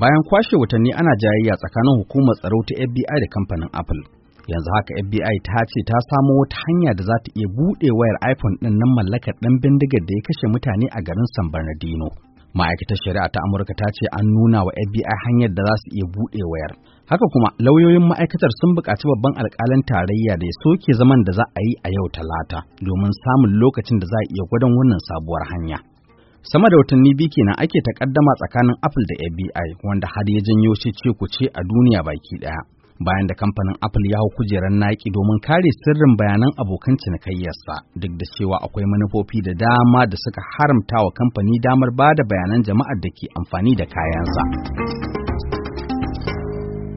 Bayan kwashe watanni ana jayayya tsakanin hukumar tsaro ta FBI da kamfanin Apple. Yanzu haka FBI ta ce ta samo wata hanya da za ta iya buɗe wayar iPhone ɗin nan mallakar ɗan bindigar da ya kashe mutane a garin San Bernardino. Ma'aikatar Shari'a ta Amurka ta ce an nuna wa FBI hanyar da za su iya buɗe wayar. Haka kuma lauyoyin ma'aikatar sun buƙaci babban alƙalin tarayya da ya soke zaman da za a yi a yau talata domin samun lokacin da za a iya gwadon wannan sabuwar hanya. sama da watanni biyu kenan ake takaddama tsakanin Apple da FBI wanda har ya janyo ce a duniya baki daya. Bayan da kamfanin Apple ya hau kujerar naki domin kare sirrin bayanan abokan cinikayyarsa duk da cewa akwai manufofi da dama da suka haramta wa kamfani damar ba da bayanan jama'ar da ke amfani da kayansa.